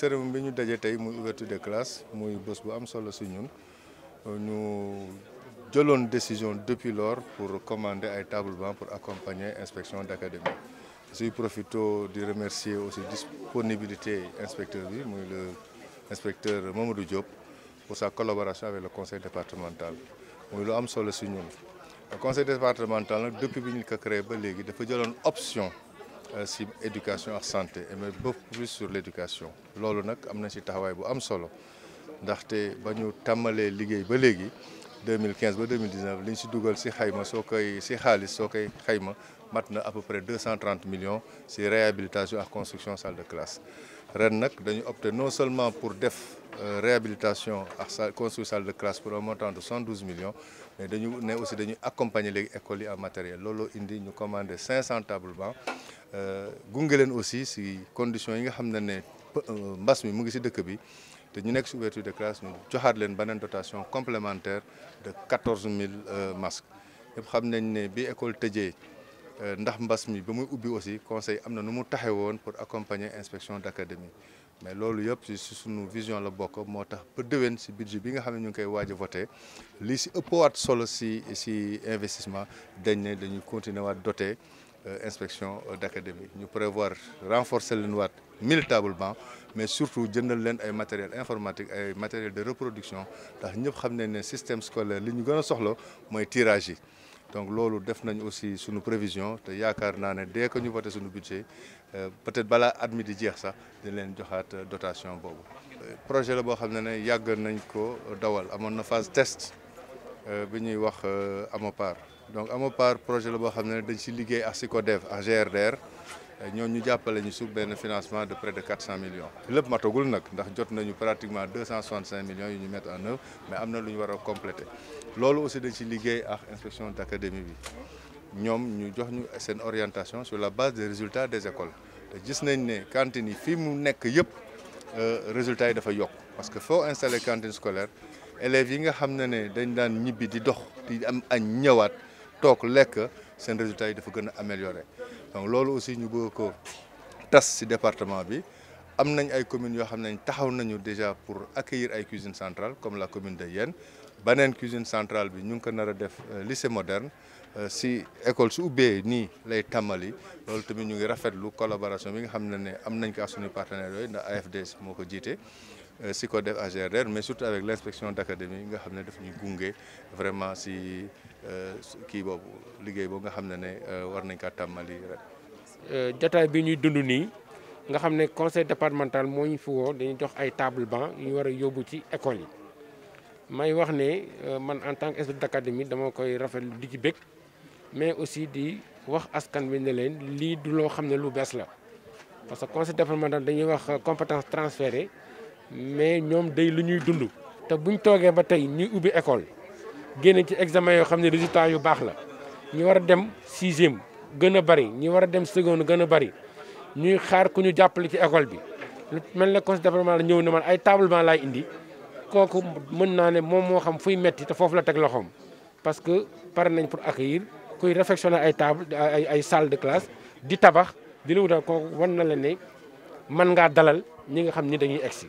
Nous avons ñu daje des classes décision depuis lors pour commander un tableau pour accompagner l'inspection d'académie Je profite de remercier aussi disponibilité de l'inspecteur, le inspecteur Diop pour sa collaboration avec le conseil départemental muy lu conseil départemental depuis que nous avons créé ba option l'éducation euh, et la santé mais beaucoup plus sur l'éducation Lolo nak am nous ci taxawaay bu am solo ndaxte ba ñu tàmmalee ba 2015 2019 li ñu si dugal si xayma soo à peu près 230 millions c'est réhabilitation et construction salle de classe ren nous dañu opté non seulement pour def euh, réhabilitation à construire salle de classe pour un montant de 112 millions mais nous avons aussi accompagné accompagner écoles en matériel Lolo, indi ñu commandé 500 tables-bancs euh, gunge leen aussi si condition yi nga xam ne ne euh, mbas mi mu ngi ci dëkk bi té ñu nekk ci ouverture de classe ñu joxaat leen beneen dotation complémentaire de 14000 euh, masques ñëpp xam nañ né bi école tëjee ndax mbass mi ba muy ubbi aussi conseil amna nu mu taxé woon pour accompagner inspection d'académie mais loolu yëpp si suñu vision la bokk moo tax ba déwén si budget bi nga xam ne ñu ngi koy waaj a voté lii si ëppawaat solo si si investissement dañ ne dañuy continuer waat doter euh, inspection euh, d'académie ñu prévoir renforcer les noix mille tables bancs, mais surtout jëndal leen ay matériel informatique ay matériel de reproduction ndax ñëpp xam nañ système scolaire li ñu gën a soxla tirage donc loolu def nañ aussi suñu prévision te yaakaar naa ne dès que ñu voté suñu budget euh, peut-être balaa at mi di jeex sax di leen joxaat dotation Le projet la boo xam ne ne yàgg nañ ko dawal amoon na phase test euh, bi ñuy wax euh, part donc Amopar projet la est lié à la si à SICODEV GRDR nous ñu jàppale ñu financement de près de 400 millions Nous avons nak, ndax jot pratiquement 265 millions de mètres en œuvre mais nous avons lu ñu avons compléter aussi dañ si liggéey ak inspection d'académie orientation sur la base des résultats des écoles te gis nañ ne cantine yi mu euh, résultats parce qu'il faut installer cantine scolaire élèves yi nga xam ne ne dañ daan ñibbi di dox di am añ ñëwaat toog lekk seen résultat yi dafa gën a amélioré donc loolu aussi ñu bëgg ko tas ci département bi am nañ ay communes yoo xam ne taxaw nañu déjà pour accueillir ay cuisine centrale comme la commune de Yène beneen cuisine centrale bi ñu ngi ko nar a def euh, lycée moderne euh, si école su ubbee nii lay tàmbali loolu tamit ñu ngi rafetlu collaboration bi nga xam ne ne am nañ ko ak suñu partenaires yooyu ndax AFDS moo ko jiite Euh, si ko def AGRR mais surtout avec l'inspection d'académie, d' académie nga xam daf ñuy gunge vraiment si euh, kii boobu liggéey boobu nga xam ne ne euh, war nañ kaa tàmmali rek. jotaay bi ñuy dund nga xam conseil départemental moo ñu fi woo dañuy jox ay table banc yu ñu war a ci école yi may wax ne man en tant que inspecteur d' académie dama koy rafetlu di ci bëgg mais aussi di wax askan bi ne leen lii du loo xam ne lu bees la. parce que conseil départemental dañuy wax compétence transférée mais ñoom day lu ñuy dund te buñ toogee ba tey ñuy ubbi école génn ci examen yoo xam ne résultat yu baax la ñu war a dem sixième gën a bari ñu war a dem seconde gën a bari ñuy xaar ku ñu jàppale ci école bi mel ne conseil la ñëw na man ay tablement lay indi kooku mën naa ne moom moo xam fuy metti te foofu la teg loxoom parce que pare nañ pour accueillir kuy réfectionner ay table ay ay salle de classe di tabax di la wutal kooku wan na la ne mën ngaa dalal ñi nga xam ni dañuy egsi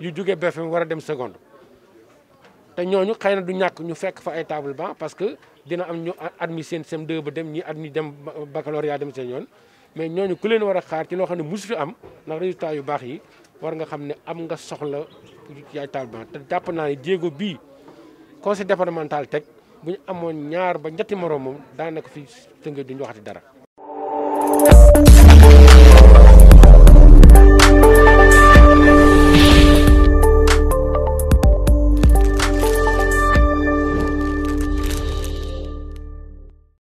yu jóge BFM war a dem seconde te ñooñu xëy na du ñàkk ñu fekk fa ay table banc parce que dina am ñu admis seen CM2 ba dem ñi admis dem baccalauréat dem seen yoon mais ñooñu ku leen war a xaar ci loo xam ne musu fi am ndax résultat yu baax yi war nga xam ne am nga soxla yaay table te jàpp naa ne jéego bii conseil départemental teg bu ñu amoon ñaar ba ñetti moroom moom daanaka fi tënge duñu waxati dara